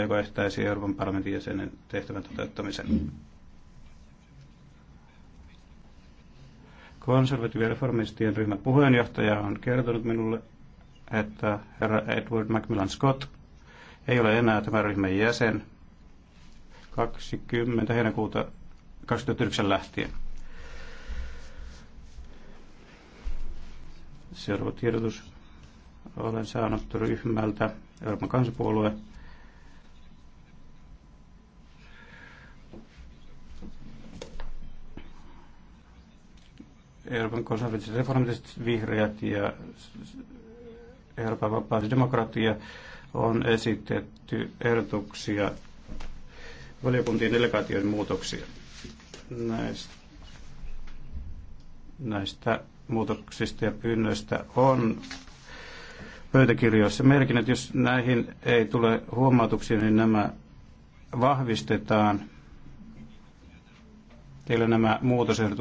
joka estäisi Euroopan parlamentin jäsenen tehtävän toteuttamisen. Konservatiivireformistien ryhmän puheenjohtaja on kertonut minulle, että herra Edward Macmillan Scott ei ole enää tämän ryhmän jäsen 20. heinäkuuta 2009 lähtien. Seuraava tiedotus. Olen saanut ryhmältä Euroopan kansapuolue Euroopan konservatiiviset reformistiset vihreät ja Euroopan vapaus demokratia on esitetty ehdotuksia valiokuntien delegaatioiden muutoksia. Näistä, näistä muutoksista ja pyynnöistä on pöytäkirjoissa merkin, että jos näihin ei tule huomautuksia, niin nämä vahvistetaan. Teillä nämä muutosehdotukset